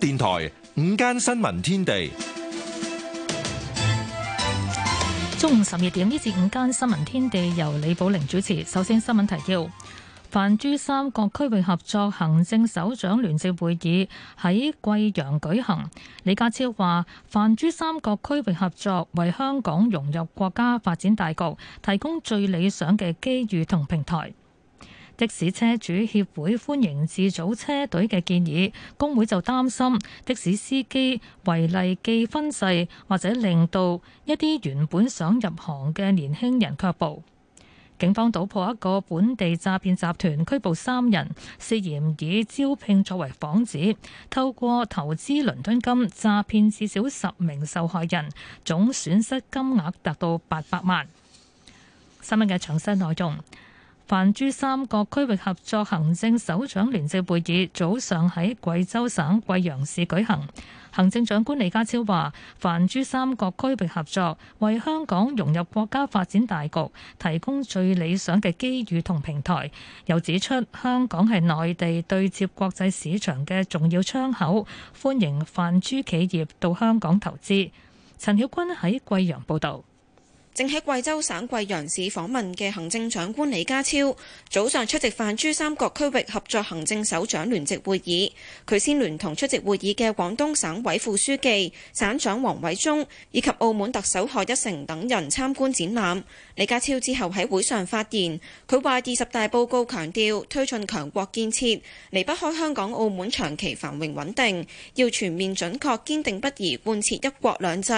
電台午間新聞天地，中午十二點呢至午間新聞天地由李寶玲主持。首先新聞提要：泛珠三角區域合作行政首長聯席會議喺貴陽舉行。李家超話，泛珠三角區域合作為香港融入國家發展大局提供最理想嘅機遇同平台。的士車主協會歡迎自組車隊嘅建議，工會就擔心的士司機違例記分制，或者令到一啲原本想入行嘅年輕人卻步。警方搗破一個本地詐騙集團，拘捕三人，涉嫌以招聘作為幌子，透過投資倫敦金詐騙至少十名受害人，總損失金額達到八百萬。新聞嘅詳細內容。泛珠三角區域合作行政首長聯席會議早上喺貴州省貴陽市舉行，行政長官李家超話：泛珠三角區域合作為香港融入國家發展大局提供最理想嘅機遇同平台，又指出香港係內地對接國際市場嘅重要窗口，歡迎泛珠企業到香港投資。陳曉君喺貴陽報導。正喺貴州省貴陽市訪問嘅行政長官李家超，早上出席泛珠三角區域合作行政首長聯席會議。佢先聯同出席會議嘅廣東省委副書記、省長王偉忠以及澳門特首賀一誠等人參觀展覽。李家超之後喺會上發言，佢話：二十大報告強調推進強國建設，離不開香港、澳門長期繁榮穩定，要全面準確、堅定不移貫徹一國兩制，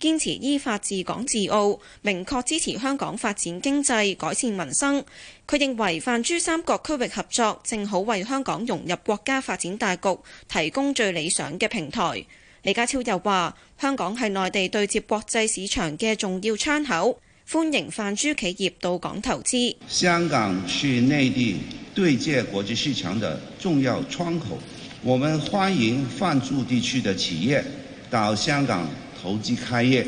堅持依法治港治澳。明確支持香港發展經濟、改善民生。佢認為泛珠三角區域合作正好為香港融入國家發展大局提供最理想嘅平台。李家超又話：香港係內地對接國際市場嘅重要窗口，歡迎泛珠企業到港投資。香港是內地對接國際市場的重要窗口，我們歡迎泛珠地區嘅企業到香港投資開業。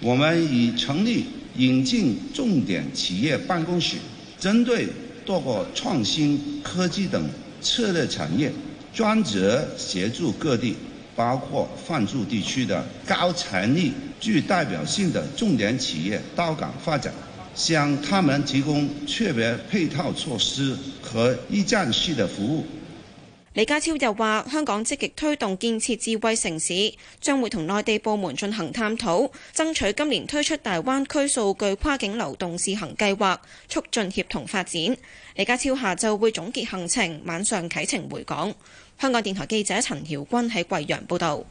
我們已成立引進重點企業辦公室，針對多個創新科技等策略產業，專職協助各地，包括泛珠地區的高潛力、具代表性的重點企業到港發展，向他們提供特別配套措施和一站式的服務。李家超又話：香港積極推動建設智慧城市，將會同內地部門進行探討，爭取今年推出大灣區數據跨境流動試行計劃，促進協同發展。李家超下晝會總結行程，晚上啟程回港。香港電台記者陳曉君喺貴陽報道。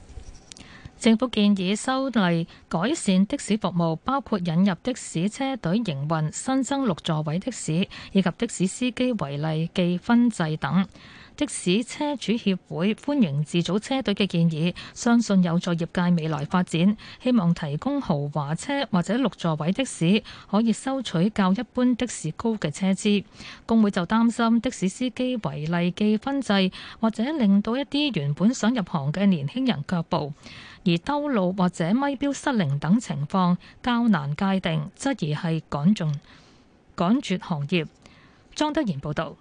政府建議修例改善的士服務，包括引入的士車隊營運、新增六座位的士以及的士司機違例記分制等。的士車主協會歡迎自組車隊嘅建議，相信有助業界未來發展。希望提供豪華車或者六座位的士，可以收取較一般的士高嘅車資。工會就擔心的士司機違例記分制，或者令到一啲原本想入行嘅年輕人腳步。而兜路或者咪表失靈等情況較難界定，質疑係趕盡趕絕行業。莊德賢報導。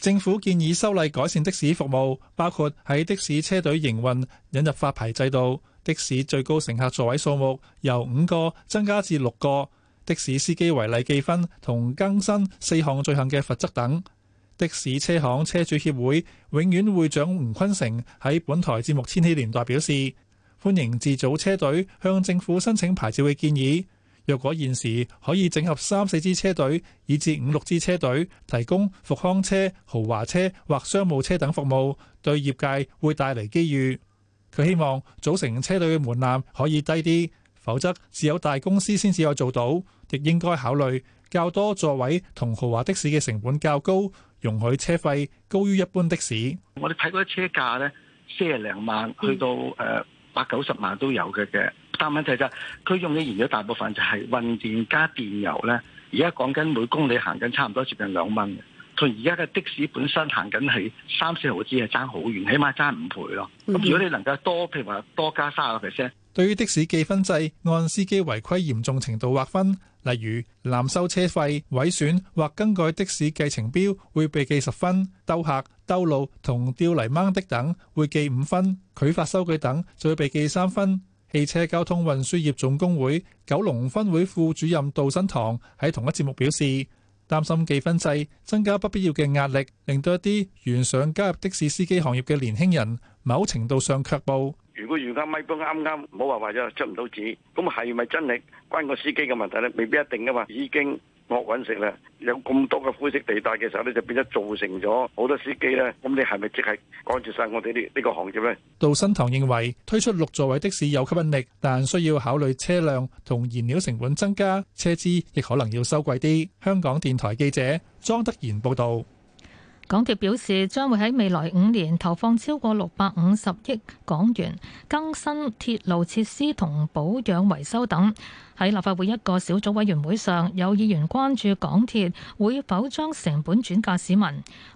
政府建議修例改善的士服務，包括喺的士車隊營運引入發牌制度，的士最高乘客座位數目由五個增加至六個，的士司機違例記分同更新四項罪行嘅罰則等。的士車行車主協會永遠會長吳坤成喺本台節目《千禧年代》表示，歡迎自組車隊向政府申請牌照嘅建議。若果現時可以整合三四支車隊，以至五六支車隊提供復康車、豪華車或商務車等服務，對業界會帶嚟機遇。佢希望組成車隊嘅門檻可以低啲，否則只有大公司先至有做到。亦應該考慮較多座位同豪華的士嘅成本較高，容許車費高於一般的士，嗯。我哋睇嗰啲車價呢，四廿零萬去到誒百九十萬都有嘅嘅，但問題就係佢用嘅燃料大部分就係運電加電油咧。而家講緊每公里行緊差唔多接近兩蚊嘅，同而家嘅的士本身行緊係三四毫子，係爭好遠，起碼爭五倍咯。咁如果你能夠多，譬如話多加三十個 percent，對於的士記分制，按司機違規嚴重程度劃分，例如濫收車費、毀損或更改的士計程表，會被記十分、兜客。兜路同吊泥掹的等會記五分，拒發收據等就會被記三分。汽車交通運輸業總工會九龍分會副主任杜新堂喺同一節目表示，擔心記分制增加不必要嘅壓力，令到一啲原想加入的士司機行業嘅年輕人某程度上卻步。如果而家咪工啱啱，唔好話壞咗出唔到紙，咁係咪真係關個司機嘅問題咧？未必一定噶嘛。已經。我搵食啦，有咁多嘅灰色地帶嘅時候咧，就變咗造成咗好多司機咧。咁你係咪即係趕絕晒我哋呢呢個行業咧？杜新堂認為推出六座位的士有吸引力，但需要考慮車輛同燃料成本增加，車資亦可能要收貴啲。香港電台記者莊德賢報道。港鐵表示將會喺未來五年投放超過六百五十億港元更新鐵路設施同保養維修等。喺立法會一個小組委員會上，有議員關注港鐵會否將成本轉嫁市民。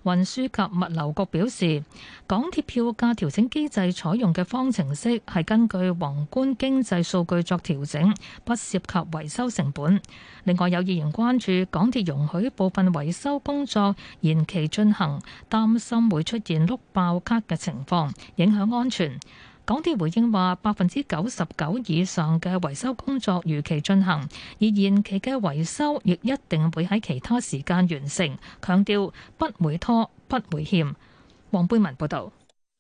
運輸及物流局表示，港鐵票價調整機制採用嘅方程式係根據宏觀經濟數據作調整，不涉及維修成本。另外有議員關注港鐵容許部分維修工作延期進行。擔心會出現碌爆卡嘅情況，影響安全。港鐵回應話，百分之九十九以上嘅維修工作如期進行，而延期嘅維修亦一定會喺其他時間完成，強調不會拖、不會欠。黃貝文報道。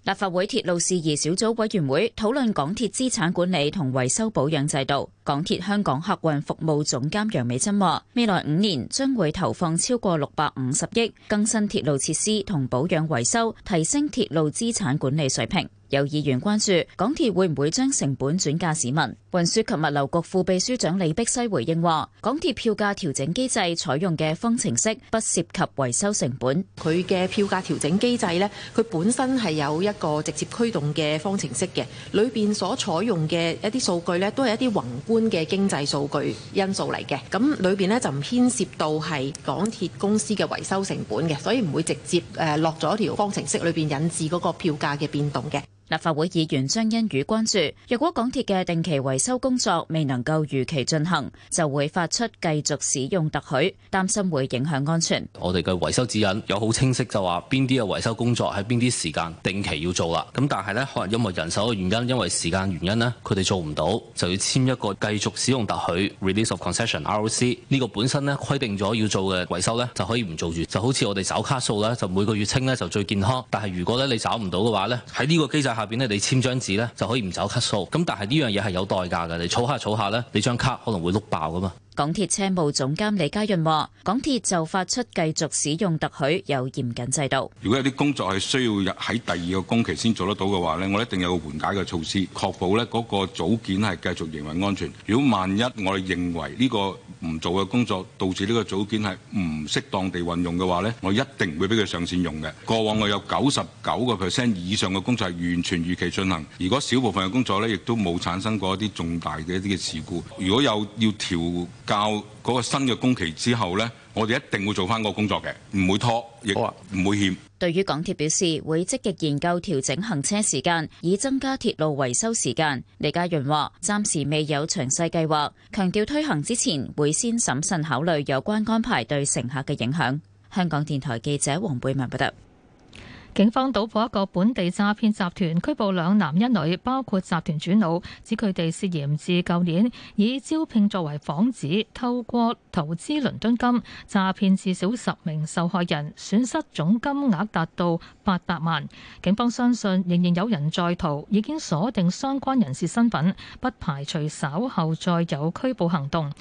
立法會鐵路事宜小組委員會討論港鐵資產管理同維修保養制度。港鐵香港客運服務總監楊美珍話，未來五年將會投放超過六百五十億更新鐵路設施同保養維修，提升鐵路資產管理水平。有議員關注港鐵會唔會將成本轉嫁市民。運輸及物流局副秘書長李碧西回應話：港鐵票價調整機制採用嘅方程式不涉及維修成本。佢嘅票價調整機制呢，佢本身係有一個直接驅動嘅方程式嘅，裏邊所採用嘅一啲數據呢，都係一啲宏觀嘅經濟數據因素嚟嘅。咁裏邊呢，就唔牽涉到係港鐵公司嘅維修成本嘅，所以唔會直接誒落咗條方程式裏邊引致嗰個票價嘅變動嘅。立法會議員張欣宇關注，若果港鐵嘅定期維修工作未能夠如期進行，就會發出繼續使用特許，擔心會影響安全。我哋嘅維修指引有好清晰，就話邊啲嘅維修工作喺邊啲時間定期要做啦。咁但係呢，可能因為人手嘅原因，因為時間原因呢，佢哋做唔到，就要簽一個繼續使用特許 （Release of Concession，ROC）。呢個本身呢，規定咗要做嘅維修呢，就可以唔做住，就好似我哋找卡數呢，就每個月清呢，就最健康。但係如果呢，你找唔到嘅話呢，喺呢個機制下下邊你簽張紙就可以唔走卡數，咁但係呢樣嘢係有代價㗎。你儲下儲下呢，你張卡可能會碌爆㗎嘛。港鐵車務總監李家潤話，港鐵就發出繼續使用特許有嚴謹制度。如果有啲工作係需要喺第二個工期先做得到嘅話呢，我一定有一個緩解嘅措施，確保呢嗰個組件係繼續營運安全。如果萬一我哋認為呢個唔做嘅工作導致呢個組件係唔適當地運用嘅話呢，我一定會俾佢上線用嘅。過往我有九十九個 percent 以上嘅工作係完全如期進行，如果少部分嘅工作呢亦都冇產生過一啲重大嘅一啲嘅事故。如果有要調教嗰個新嘅工期之後呢，我哋一定會做翻嗰個工作嘅，唔會拖，亦唔會欠。啊、對於港鐵表示會積極研究調整行車時間，以增加鐵路維修時間。李家潤話，暫時未有詳細計劃，強調推行之前會先審慎考慮有關安排對乘客嘅影響。香港電台記者黃貝文報道。警方搗破一個本地詐騙集團，拘捕兩男一女，包括集團主腦。指佢哋涉嫌自舊年以招聘作為幌子，透過投資倫敦金詐騙至少十名受害人，損失總金額達到八百萬。警方相信仍然有人在逃，已經鎖定相關人士身份，不排除稍後再有拘捕行動。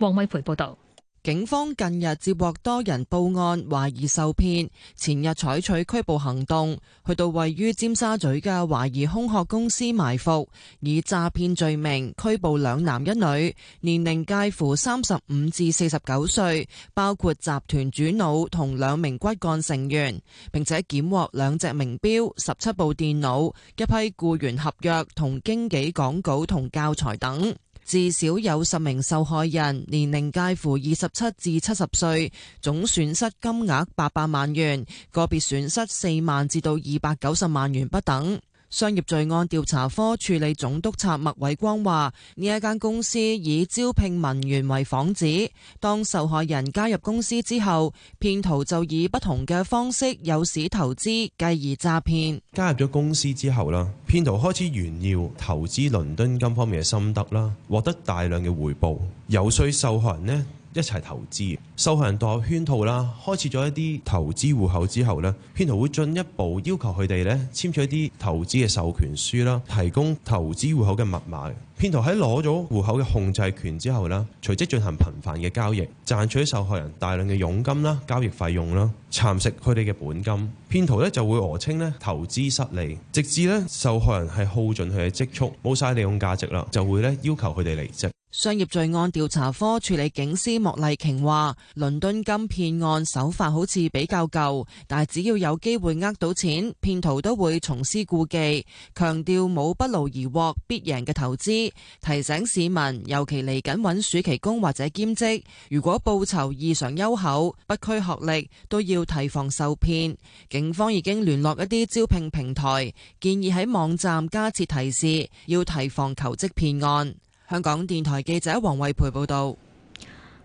黃偉培報道。警方近日接獲多人報案懷疑受騙，前日採取拘捕行動，去到位於尖沙咀嘅懷疑空殼公司埋伏，以詐騙罪名拘捕兩男一女，年齡介乎三十五至四十九歲，包括集團主腦同兩名骨幹成員，並且檢獲兩隻名錶、十七部電腦、一批僱員合約同經紀講稿同教材等。至少有十名受害人，年齡介乎二十七至七十歲，總損失金額八百萬元，個別損失四萬至到二百九十萬元不等。商業罪案調查科處理總督察麥偉光話：呢一間公司以招聘文員為幌子，當受害人加入公司之後，騙徒就以不同嘅方式誘使投資，繼而詐騙。加入咗公司之後啦，騙徒開始炫耀投資倫敦金方面嘅心得啦，獲得大量嘅回報，遊說受害人呢一齊投資。受害人墮入圈套啦，開設咗一啲投資戶口之後呢，騙徒會進一步要求佢哋咧，簽署一啲投資嘅授權書啦，提供投資戶口嘅密碼嘅。騙徒喺攞咗戶口嘅控制權之後呢，隨即進行頻繁嘅交易，賺取受害人大量嘅佣金啦、交易費用啦，蠶食佢哋嘅本金。騙徒呢就會訛稱咧，投資失利，直至呢受害人係耗盡佢嘅積蓄，冇晒利用價值啦，就會咧要求佢哋離職。商業罪案調查科處理警司莫麗瓊話。倫敦金騙案手法好似比較舊，但係只要有機會呃到錢，騙徒都會重施故技。強調冇不勞而獲必贏嘅投資，提醒市民尤其嚟緊揾暑期工或者兼職，如果報酬異常優厚、不拘學歷，都要提防受騙。警方已經聯絡一啲招聘平台，建議喺網站加設提示，要提防求職騙案。香港電台記者王惠培報道。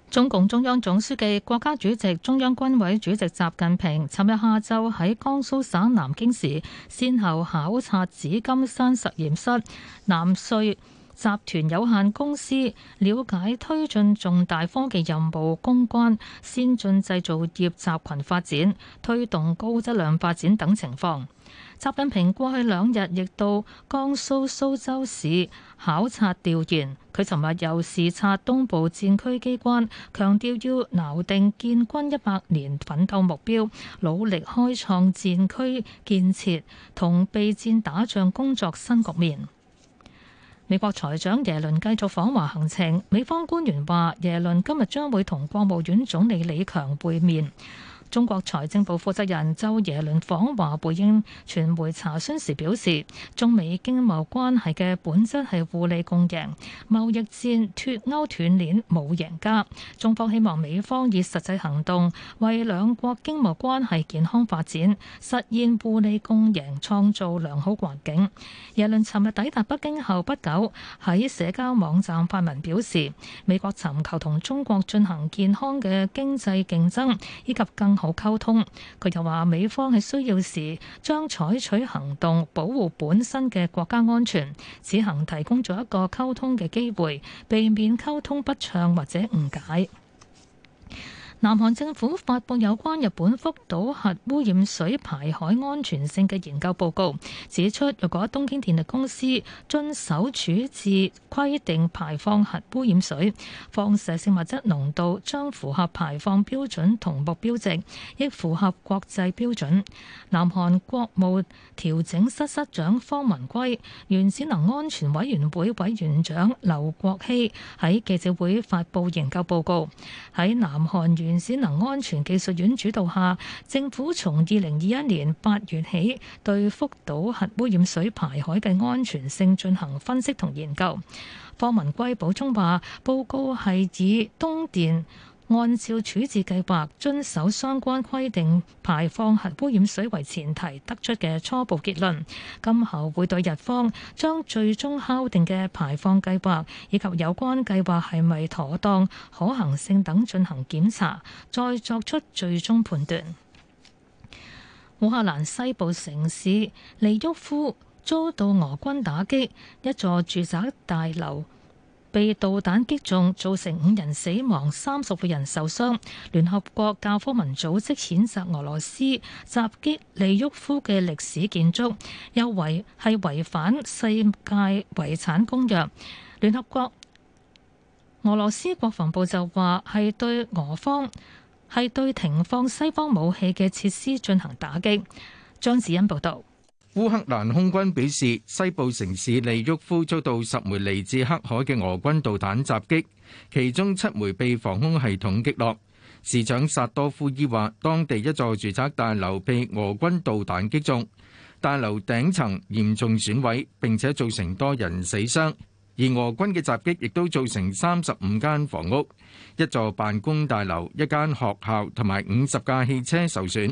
中共中央總書記、國家主席、中央軍委主席習近平尋日下晝喺江蘇省南京市，先後考察紫金山實驗室、南瑞集團有限公司，了解推進重大科技任務攻關、先進製造業集群發展、推動高質量發展等情況。習近平過去兩日亦到江蘇蘇州市考察調研，佢尋日又視察東部戰區機關，強調要錨定建軍一百年奮鬥目標，努力開創戰區建設同備戰打仗工作新局面。美國財長耶倫繼續訪華行程，美方官員話耶倫今日將會同國務院總理李強會面。中國財政部負責人就耶倫訪華回應傳媒查詢時表示：中美經貿關係嘅本質係互利共贏，貿易戰、脫歐斷鏈冇贏家。中方希望美方以實際行動為兩國經貿關係健康發展實現互利共贏，創造良好環境。耶倫尋日抵達北京後不久，喺社交網站發文表示：美國尋求同中國進行健康嘅經濟競爭，以及更好溝通。佢又話：美方喺需要時將採取行動保護本身嘅國家安全。此行提供咗一個溝通嘅機會，避免溝通不暢或者誤解。南韓政府發佈有關日本福島核污染水排海安全性嘅研究報告，指出若果東京電力公司遵守處置規定排放核污染水，放射性物質濃度將符合排放標準同目標值，亦符合國際標準。南韓國務調整室室長方文圭、原子能安全委員會委員長劉國熙喺記者會發佈研究報告，喺南韓原始能安全技術院主導下，政府從二零二一年八月起對福島核污染水排海嘅安全性進行分析同研究。方文貴補充話，報告係以東電。按照處置計劃，遵守相關規定排放核污染水為前提得出嘅初步結論，今後會對日方將最終敲定嘅排放計劃以及有關計劃係咪妥當、可行性等進行檢查，再作出最終判斷。烏克蘭西部城市利沃夫遭到俄軍打擊，一座住宅大樓。被導彈擊中，造成五人死亡、三十個人受傷。聯合國教科文組織譴責俄羅斯襲擊利沃夫嘅歷史建築，又為係違反世界遺產公約。聯合國俄羅斯國防部就話係對俄方係對停放西方武器嘅設施進行打擊。張子欣報道。烏克蘭空軍表示，西部城市利沃夫遭到十枚嚟自黑海嘅俄軍導彈襲擊，其中七枚被防空系統擊落。市長薩多夫伊話，當地一座住宅大樓被俄軍導彈擊中，大樓頂層嚴重損毀，並且造成多人死傷。而俄軍嘅襲擊亦都造成三十五間房屋、一座辦公大樓、一間學校同埋五十架汽車受損。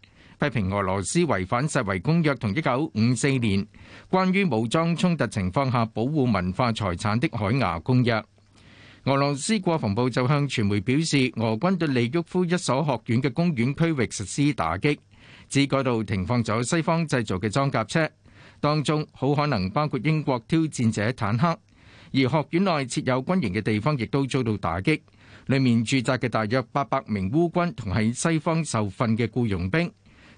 批評俄羅斯違反《世遺公約》同一九五四年關於武裝衝突情況下保護文化財產的《海牙公約》。俄羅斯國防部就向傳媒表示，俄軍對利沃夫一所學院嘅公園區域實施打擊，指嗰度停放咗西方製造嘅裝甲車，當中好可能包括英國挑戰者坦克。而學院內設有軍營嘅地方，亦都遭到打擊。裡面駐紮嘅大約八百名烏軍同喺西方受訓嘅僱傭兵。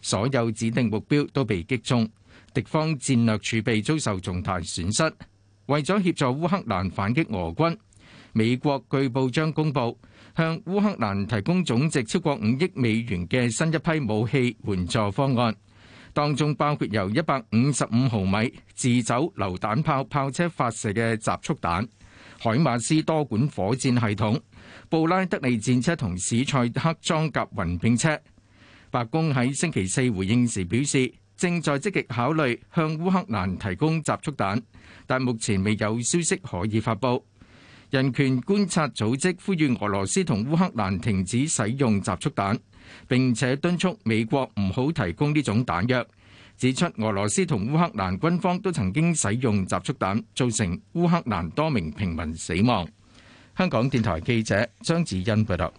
所有指定目標都被擊中，敵方戰略儲備遭受重大損失。為咗協助烏克蘭反擊俄軍，美國據報將公布向烏克蘭提供總值超過五億美元嘅新一批武器援助方案，當中包括由一百五十五毫米自走榴彈炮炮車發射嘅集束彈、海馬斯多管火箭系統、布拉德利戰車同史塞克裝甲運兵車。白宮喺星期四回應時表示，正在積極考慮向烏克蘭提供集束彈，但目前未有消息可以發布。人權觀察組織呼籲俄羅斯同烏克蘭停止使用集束彈，並且敦促美國唔好提供呢種彈藥，指出俄羅斯同烏克蘭軍方都曾經使用集束彈，造成烏克蘭多名平民死亡。香港電台記者張子欣報道。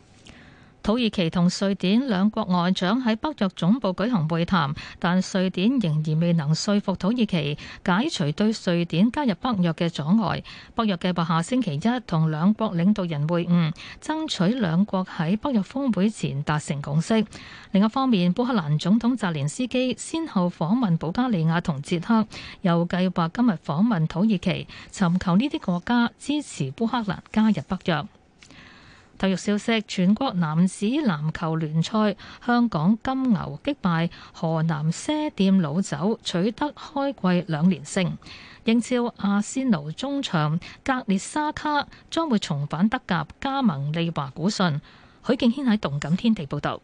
土耳其同瑞典兩國外長喺北約總部舉行會談，但瑞典仍然未能說服土耳其解除對瑞典加入北約嘅阻礙。北約計劃下星期一同兩國領導人會晤，爭取兩國喺北約峰會前達成共識。另一方面，烏克蘭總統澤連斯基先後訪問保加利亞同捷克，又計劃今日訪問土耳其，尋求呢啲國家支持烏克蘭加入北約。體育消息：全國男子籃球聯賽，香港金牛擊敗河南賒店老酒，取得開季兩連勝。英超阿仙奴中場格列沙卡將會重返德甲，加盟利華古遜。許敬軒喺動感天地報道。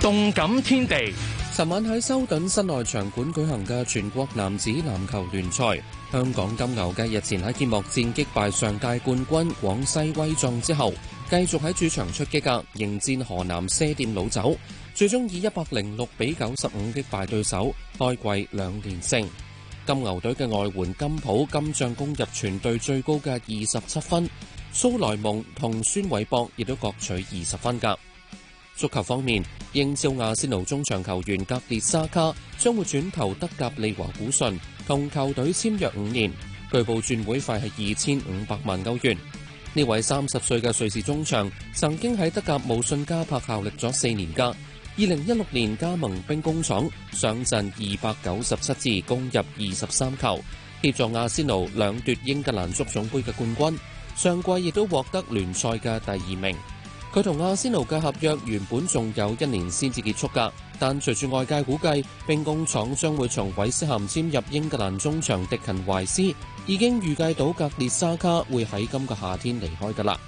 動感天地。報導動感天地。昨晚喺修頓室內場館舉行嘅全國男子籃球聯賽，香港金牛嘅日前喺揭幕戰擊敗上屆冠軍廣西威壯之後，繼續喺主場出擊，噶迎戰河南賒店老酒，最終以一百零六比九十五擊敗對手，開季兩連勝。金牛隊嘅外援金普金將攻入全隊最高嘅二十七分，蘇萊蒙同孫偉博亦都各取二十分噶。足球方面，英超阿仙奴中場球員格列沙卡將會轉投德甲利華古遜，同球隊簽約五年，據報轉會費係二千五百萬歐元。呢位三十歲嘅瑞士中場曾經喺德甲慕遜加柏效力咗四年，噶，二零一六年加盟兵工廠，上陣二百九十七次，攻入二十三球，協助阿仙奴兩奪英格蘭足總杯嘅冠軍，上季亦都獲得聯賽嘅第二名。佢同阿仙奴嘅合約原本仲有一年先至結束噶，但隨住外界估計兵工廠將會從韋斯咸簽入英格蘭中場迪勤懷斯，已經預計到格列沙卡會喺今個夏天離開噶啦。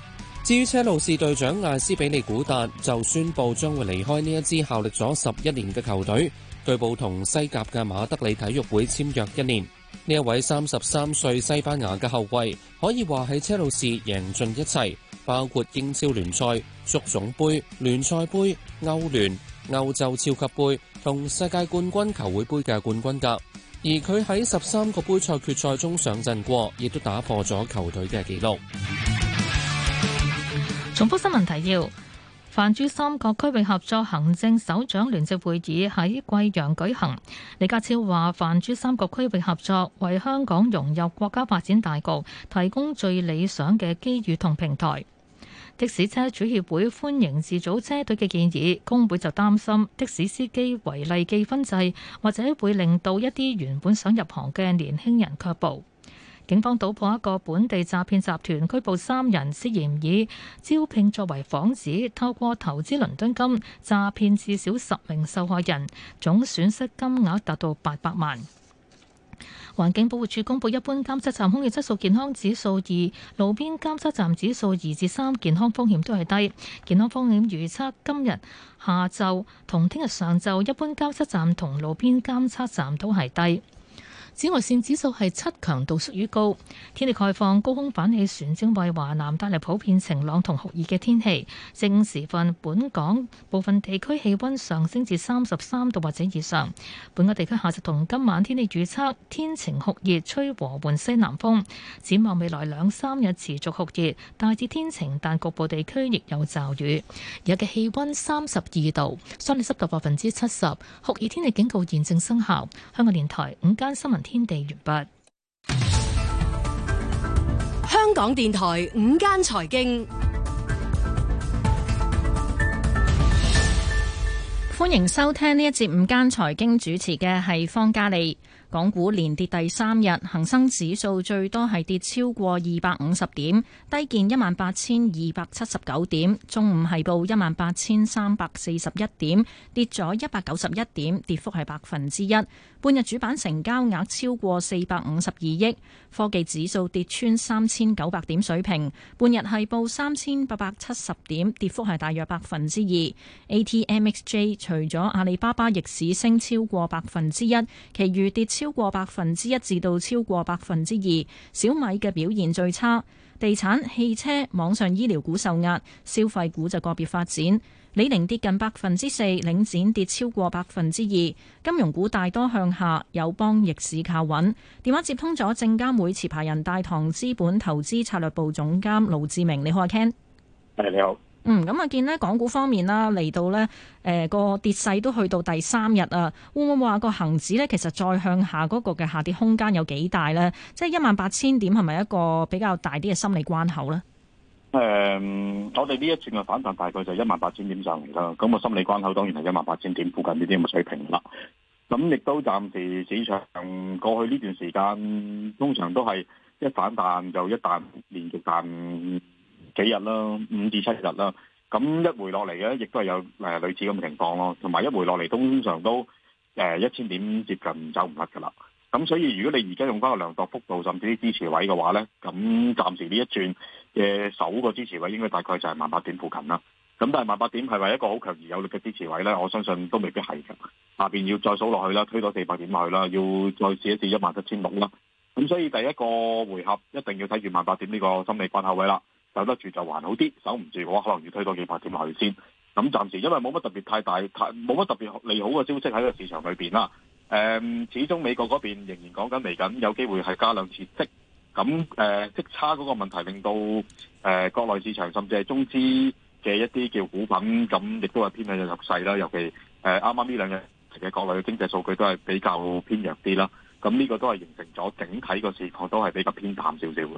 至於車路士隊長艾斯比利古達就宣布將會離開呢一支效力咗十一年嘅球隊，據報同西甲嘅馬德里體育會簽約一年。呢一位三十三歲西班牙嘅後衛，可以話喺車路士贏盡一切，包括英超聯賽、足總盃、聯賽盃、歐聯、歐洲超級盃同世界冠軍球會盃嘅冠軍架。而佢喺十三個盃賽決賽中上陣過，亦都打破咗球隊嘅紀錄。重複新聞提要。泛珠三角區域合作行政首長聯席會議喺貴陽舉行。李家超話：泛珠三角區域合作為香港融入國家發展大局提供最理想嘅機遇同平台。的士車主協會歡迎自組車隊嘅建議，工會就擔心的士司機違例記分制或者會令到一啲原本想入行嘅年輕人卻步。警方搗破一個本地詐騙集團，拘捕三人，涉嫌以招聘作為幌子，透過投資倫敦金詐騙至少十名受害人，總損失金額達到八百萬。環境保護署公佈，一般監測站空氣質素健康指數二，路邊監測站指數二至三，健康風險都係低。健康風險預測今日下晝同聽日上晝，一般監測站同路邊監測站都係低。紫外綫指數係七，強度屬於高。天氣概況：高空反氣旋正為華南帶嚟普遍晴朗同酷熱嘅天氣。正午時分，本港部分地區氣温上升至三十三度或者以上。本港地區下晝同今晚天氣預測：天晴酷熱，吹和緩西南風。展望未來兩三日持續酷熱，大致天晴，但局部地區亦有驟雨。日嘅氣温三十二度，相對濕度百分之七十，酷熱天氣警告現正生效。香港電台午間新聞。天地粵八，香港電台午間財經。歡迎收聽呢一節午間財經，主持嘅係方嘉利。港股連跌第三日，恒生指數最多係跌超過二百五十點，低見一萬八千二百七十九點，中午係報一萬八千三百四十一點，跌咗一百九十一點，跌幅係百分之一。半日主板成交額超過四百五十二億，科技指數跌穿三千九百點水平，半日係報三千八百七十點，跌幅係大約百分之二。ATMXJ 除咗阿里巴巴逆市升超過百分之一，其餘跌超過百分之一至到超過百分之二。小米嘅表現最差，地產、汽車、網上醫療股受壓，消費股就個別發展。李寧跌近百分之四，領展跌超過百分之二，金融股大多向下，友邦逆市靠穩。電話接通咗證監會持牌人大堂資本投資策略部總監盧志明，你好阿 Ken。你好。嗯，咁啊見呢港股方面啦，嚟到呢，誒、呃、個跌勢都去到第三日啊，會唔會話個恒指呢，其實再向下嗰個嘅下跌空間有幾大呢？即係一萬八千點係咪一個比較大啲嘅心理關口呢？誒，我哋呢一轉嘅反彈大概就一萬八千點上嚟啦，咁我心理關口當然係一萬八千點附近呢啲咁嘅水平啦。咁亦都暫時市場過去呢段時間，通常都係一反彈就一彈連續彈幾日啦，五至七日啦。咁一回落嚟咧，亦都係有誒類似咁嘅情況咯。同埋一回落嚟，通常都誒一千點接近走唔甩噶啦。咁所以如果你而家用翻個量度幅度，甚至啲支持位嘅話咧，咁暫時呢一轉。嘅首個支持位應該大概就係萬八點附近啦，咁但係萬八點係為一個好強而有力嘅支持位呢，我相信都未必係。下邊要再數落去啦，推多四百點落去啦，要再試一試一萬七千六啦。咁所以第一個回合一定要睇住萬八點呢個心理關口位啦，守得住就還好啲，守唔住哇可能要推多幾百點落去先。咁暫時因為冇乜特別太大，太，冇乜特別利好嘅消息喺個市場裏邊啦。誒、嗯，始終美國嗰邊仍然講緊嚟緊有機會係加兩次息。咁、呃、即差嗰個問題令到誒、呃、國內市場甚至係中資嘅一啲叫股品，咁亦都係偏向入落勢啦。尤其誒啱啱呢兩日嘅國內嘅經濟數據都係比較偏弱啲啦。咁呢個都係形成咗整體個市況都係比較偏淡少少嘅。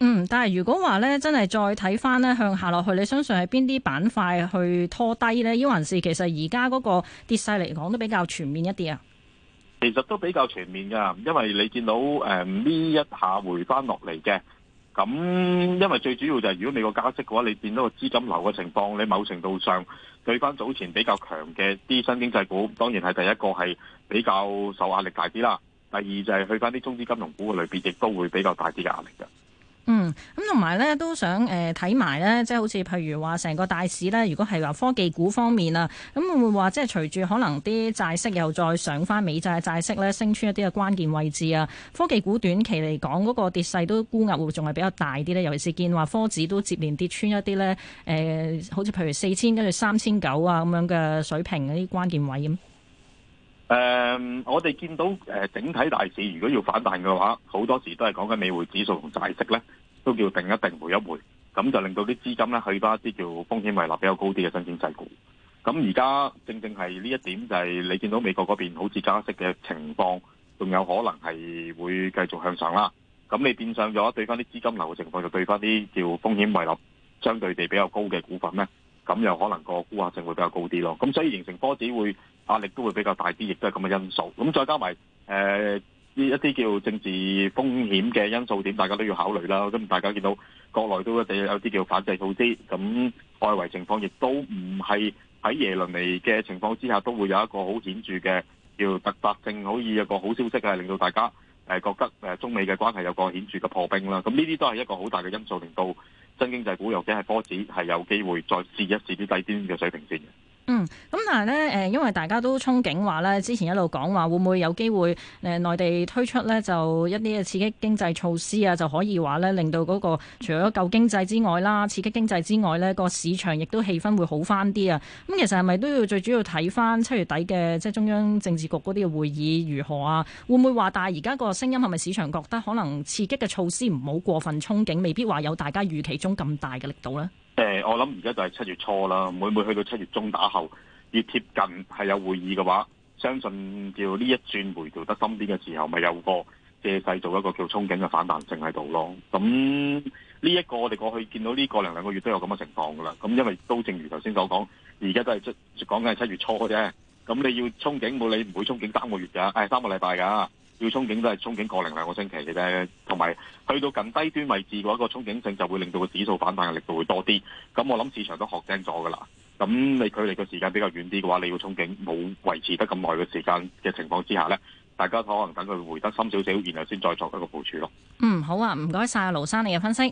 嗯，但係如果話咧，真係再睇返咧向下落去，你相信係邊啲板塊去拖低咧？抑還是其實而家嗰個跌勢嚟講都比較全面一啲啊。其實都比較全面噶，因為你見到誒搣、呃、一下回翻落嚟嘅，咁因為最主要就係如果你個加息嘅話，你見到個資金流嘅情況，你某程度上，對翻早前比較強嘅啲新經濟股，當然係第一個係比較受壓力大啲啦。第二就係去翻啲中資金融股嘅類別，亦都會比較大啲嘅壓力嘅。嗯，咁同埋咧都想誒睇埋咧，即係好似譬如話成個大市咧，如果係話科技股方面啊，咁會唔會話即係隨住可能啲債息又再上翻美債債息咧，升穿一啲嘅關鍵位置啊？科技股短期嚟講，嗰、嗰個跌勢都沽壓會仲係比較大啲咧，尤其是見話科指都接連跌穿一啲咧、呃，好似譬如四千跟住三千九啊咁樣嘅水平嗰啲關鍵位咁。誒、um，我哋見到誒、呃、整體大市，如果要反彈嘅話，好多時都係講緊美匯指數同債息咧，都叫定一定回一回，咁就令到啲資金咧去翻一啲叫風險胃納比較高啲嘅新興制股。咁而家正正係呢一點就係、是、你見到美國嗰邊好似加息嘅情況，仲有可能係會繼續向上啦。咁、嗯、你變相咗對翻啲資金流嘅情況，就對翻啲叫風險胃納相對地比較高嘅股份咧，咁、嗯、又、嗯、可能個估價性會比較高啲咯。咁、嗯、所以形成波子會。壓力都會比較大啲，亦都係咁嘅因素。咁再加埋呢、呃、一啲叫政治風險嘅因素點，大家都要考慮啦。咁大家見到國內都有一定有啲叫反制措施，咁外圍情況亦都唔係喺耶倫嚟嘅情況之下，都會有一個好顯著嘅叫突破性，可以有個好消息嘅，令到大家誒覺得中美嘅關係有個顯著嘅破冰啦。咁呢啲都係一個好大嘅因素，令到新經濟股，尤其係波子，係有機會再試一試啲低端嘅水平線嘅。嗯，咁但係呢，誒，因為大家都憧憬話呢，之前一路講話會唔會有機會，誒，內地推出呢，就一啲嘅刺激經濟措施啊，就可以話呢，令到嗰個除咗救經濟之外啦，刺激經濟之外呢，個市場亦都氣氛會好翻啲啊。咁其實係咪都要最主要睇翻七月底嘅即係中央政治局嗰啲嘅會議如何啊？會唔會話？但係而家個聲音係咪市場覺得可能刺激嘅措施唔好過分憧憬，未必話有大家預期中咁大嘅力度呢？誒、欸，我諗而家就係七月初啦，每每去到七月中打後越貼近係有會議嘅話，相信叫呢一轉回調得深啲嘅時候，咪有個借勢做一個叫憧憬嘅反彈性喺度咯。咁呢一個我哋過去見到呢、這個兩兩個月都有咁嘅情況噶啦。咁因為都正如頭先所講，而家都係七講緊係七月初啫。咁你要憧憬冇你，唔會憧憬三個月噶，誒、哎、三個禮拜噶。要憧憬都係憧憬過零兩個星期嘅啫，同埋去到近低端位置嘅話，個憧憬性就會令到個指數反彈嘅力度會多啲。咁我諗市場都學精咗噶啦。咁你距離嘅時間比較遠啲嘅話，你要憧憬冇維持得咁耐嘅時間嘅情況之下呢，大家可能等佢回得深少少，然後先再作一個部署咯。嗯，好啊，唔該晒盧生你嘅分析。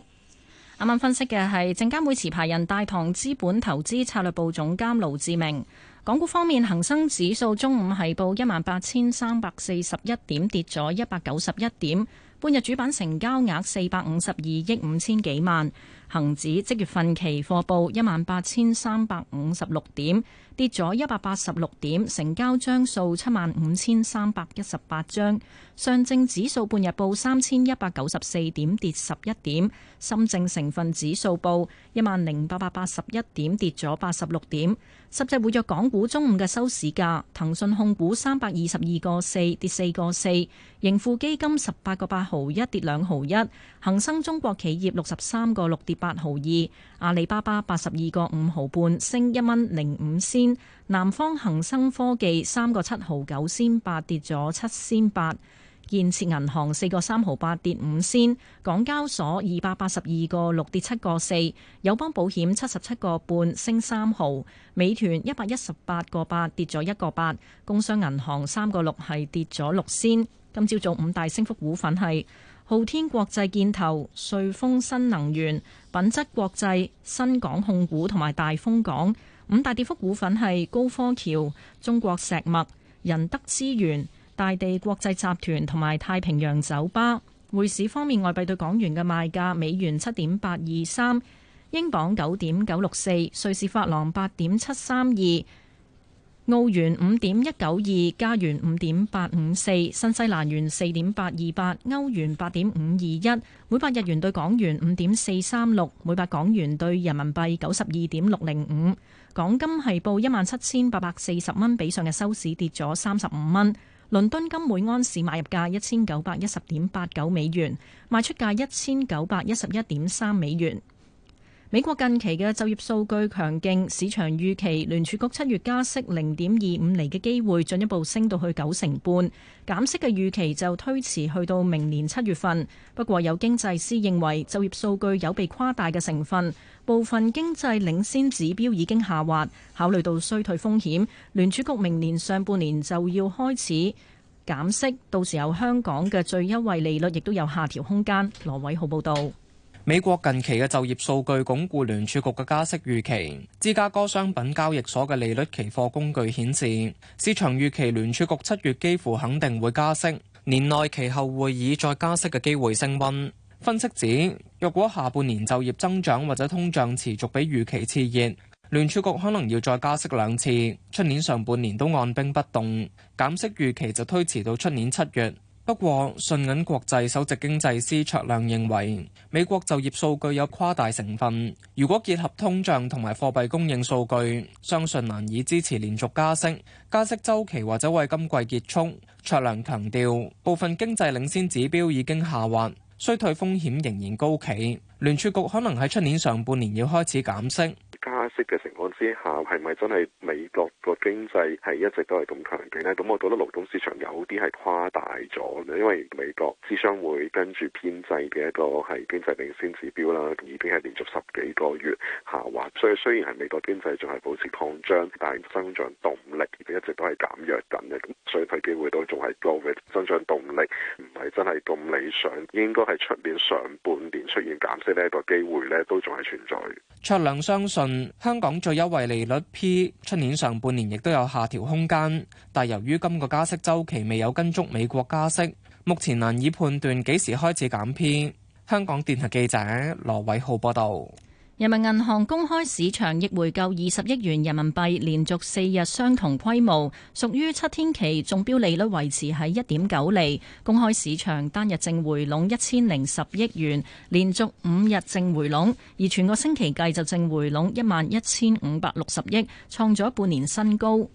啱啱分析嘅係證監會持牌人大同資本投資策略部總監盧志明。港股方面，恒生指數中午係報一萬八千三百四十一點，跌咗一百九十一點。半日主板成交額四百五十二億五千幾萬，恒指即月份期貨報一萬八千三百五十六點。跌咗一百八十六點，成交張數七萬五千三百一十八張。上證指數半日報三千一百九十四點，跌十一點。深證成分指數報一萬零八百八十一點，跌咗八十六點。十隻活躍港股中午嘅收市價：騰訊控股三百二十二個四，跌四個四；盈富基金十八個八毫一，跌兩毫一；恒生中國企業六十三個六，跌八毫二；阿里巴巴八十二個五毫半，升一蚊零五仙。南方恒生科技三個七毫九仙八跌咗七仙八，建設銀行四個三毫八跌五仙，港交所二百八十二個六跌七個四，友邦保險七十七個半升三毫，美團一百一十八個八跌咗一個八，工商銀行三個六係跌咗六仙。今朝早五大升幅股份係昊天國際、建投、瑞豐新能源、品質國際、新港控股同埋大豐港。五大跌幅股份係高科橋、中國石墨、仁德資源、大地國際集團同埋太平洋酒吧。匯市方面，外幣對港元嘅賣價，美元七點八二三，英鎊九點九六四，瑞士法郎八點七三二。澳元五點一九二，加元五點八五四，新西蘭元四點八二八，歐元八點五二一，每百日元對港元五點四三六，每百港元對人民幣九十二點六零五。港金係報一萬七千八百四十蚊，比上嘅收市跌咗三十五蚊。倫敦金每安士買入價一千九百一十點八九美元，賣出價一千九百一十一點三美元。美國近期嘅就業數據強勁，市場預期聯儲局七月加息零點二五厘嘅機會進一步升到去九成半，減息嘅預期就推遲去到明年七月份。不過有經濟師認為就業數據有被誇大嘅成分，部分經濟領先指標已經下滑。考慮到衰退風險，聯儲局明年上半年就要開始減息，到時候香港嘅最優惠利率亦都有下調空間。羅偉浩報導。美國近期嘅就業數據鞏固聯儲局嘅加息預期，芝加哥商品交易所嘅利率期貨工具顯示，市場預期聯儲局七月幾乎肯定會加息，年內其後會議再加息嘅機會升溫。分析指，若果下半年就業增長或者通脹持續比預期熾熱，聯儲局可能要再加息兩次，出年上半年都按兵不動，減息預期就推遲到出年七月。不過，信銀國際首席經濟師卓亮認為，美國就業數據有誇大成分，如果結合通脹同埋貨幣供應數據，相信難以支持連續加息，加息週期或者為今季結束。卓亮強調，部分經濟領先指標已經下滑，衰退風險仍然高企。聯儲局可能喺出年上半年要開始減息。加息嘅情況之下，係咪真係美國個經濟係一直都係咁強勁呢？咁我覺得勞動市場有啲係誇大咗，因為美國諮商會跟住編製嘅一個係經濟領先指標啦，已經係連續十幾個月下滑。所以雖然係美國經濟仲係保持擴張，但係增長動力一直都係減弱緊嘅。咁衰退機會都仲係多嘅增長動力，唔係真係咁理想，應該係出年上半年出現減。即、這個、呢個機會都仲係存在。卓亮相信香港最優惠利率 P 出年上半年亦都有下調空間，但由於今個加息週期未有跟足美國加息，目前難以判斷幾時開始減 P。香港電台記者羅偉浩報導。人民銀行公開市場逆回購二十億元人民幣，連續四日相同規模，屬於七天期中標利率維持喺一點九厘。公開市場單日淨回籠一千零十億元，連續五日淨回籠，而全個星期計就淨回籠一萬一千五百六十億，創咗半年新高。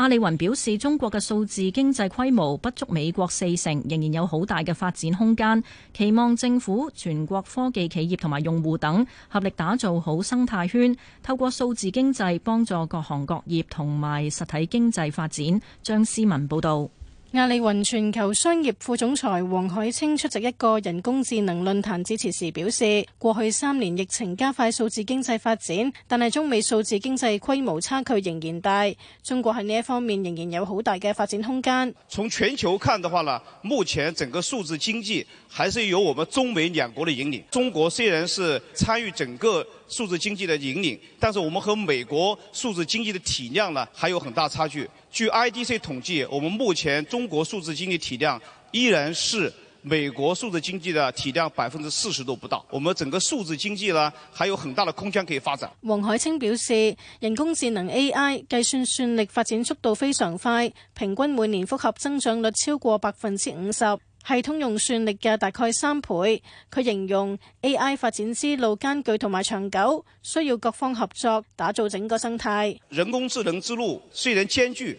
阿里雲表示，中國嘅數字經濟規模不足美國四成，仍然有好大嘅發展空間，期望政府、全國科技企業同埋用戶等合力打造好生態圈，透過數字經濟幫助各行各業同埋實體經濟發展。張思文報道。阿里雲全球商業副總裁黃海清出席一個人工智能論壇致辭時表示，過去三年疫情加快數字經濟發展，但係中美數字經濟規模差距仍然大，中國喺呢一方面仍然有好大嘅發展空間。從全球看嘅話呢，目前整個數字經濟還是由我們中美兩國嚟引領。中國雖然是參與整個。數字經濟的引領，但是我們和美國數字經濟的體量呢，還有很大差距。據 IDC 統計，我們目前中國數字經濟體量依然是美國數字經濟的體量百分之四十都不到，我們整個數字經濟呢還有很大的空間可以發展。王海清表示，人工智能 AI 計算算力發展速度非常快，平均每年複合增長率超過百分之五十。係通用算力嘅大概三倍。佢形容 AI 發展之路艱巨同埋長久，需要各方合作打造整個生態。人工智能之路雖然艱巨。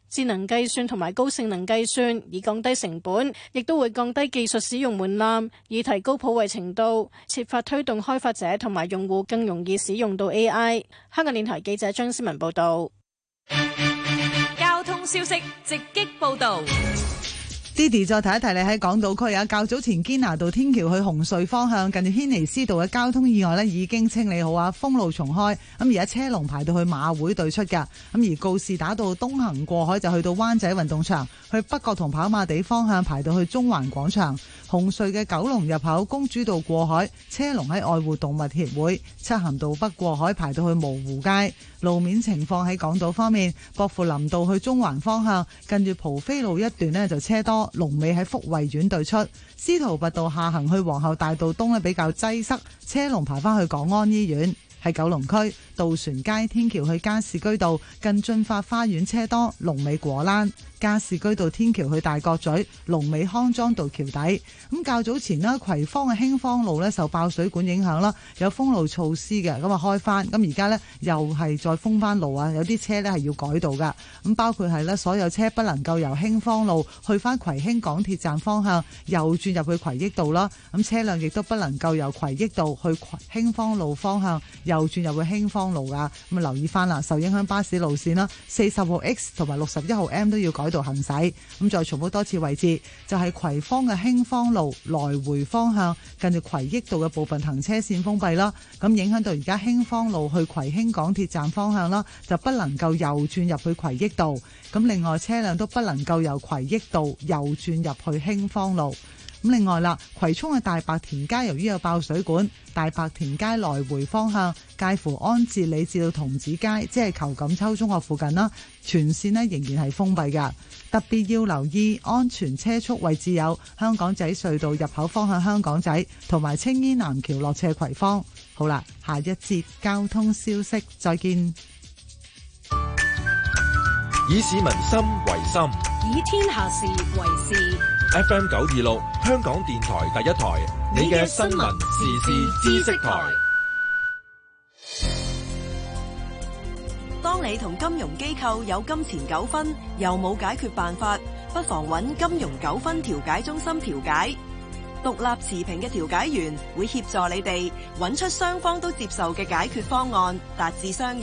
智能計算同埋高性能計算，以降低成本，亦都會降低技術使用門檻，以提高普惠程度，設法推動開發者同埋用戶更容易使用到 AI。香港電台記者張思文報道。交通消息直擊報導。d i d 再提一提，你喺港島區啊，較早前堅拿道天橋去紅隧方向，近住軒尼詩道嘅交通意外呢已經清理好啊，封路重開。咁而家車龍排到去馬會對出㗎。咁而告士打道東行過海就去到灣仔運動場，去北角同跑馬地方向排到去中環廣場，紅隧嘅九龍入口公主道過海車龍喺愛護動物協會，漆咸道北過海排到去蕪湖街。路面情況喺港島方面，薄扶林道去中環方向，近住蒲飛路一段呢就車多。龍尾喺福慧苑對出，司徒拔道下行去皇后大道東呢比較擠塞，車龍排翻去港安醫院，喺九龍區。渡船街天橋去加士居道，近駿發花園車多，龍尾果欄；加士居道天橋去大角咀，龍尾康莊道橋底。咁較早前呢，葵芳嘅興芳路呢受爆水管影響啦，有封路措施嘅，咁啊開翻。咁而家呢又係再封翻路啊，有啲車呢係要改道噶。咁包括係呢，所有車不能夠由興芳路去翻葵興港鐵站方向，右轉入去葵益道啦。咁車輛亦都不能夠由葵益道去興芳路方向，右轉入去興芳。路。咁留意翻啦，受影響巴士路線啦，四十號 X 同埋六十一號 M 都要改道行駛。咁再重複多次位置，就係葵芳嘅興芳路來回方向，近住葵益道嘅部分行車線封閉啦。咁影響到而家興芳路去葵興港鐵站方向啦，就不能夠右轉入去葵益道。咁另外車輛都不能夠由葵益道右轉入去興芳路。咁另外啦，葵涌嘅大白田街由於有爆水管，大白田街來回方向介乎安治里至到童子街，即係裘錦秋中學附近啦，全線呢仍然係封閉噶。特別要留意安全車速位置，有香港仔隧道入口方向香港仔，同埋青衣南橋落斜葵芳。好啦，下一節交通消息再見。以市民心為心，以天下事為事。FM 九二六，香港電台第一台，你嘅新聞時事知識台。當你同金融機構有金錢糾紛，又冇解決辦法，不妨揾金融糾紛調解中心調解。獨立持平嘅調解員會協助你哋揾出雙方都接受嘅解決方案，達至相。